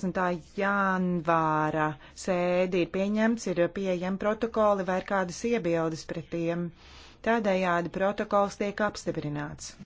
19. janvāra sēdi ir pieņemts, ir pieejami protokoli vai ir kādas iebildes pret tiem. Tādējādi protokols tiek apstiprināts.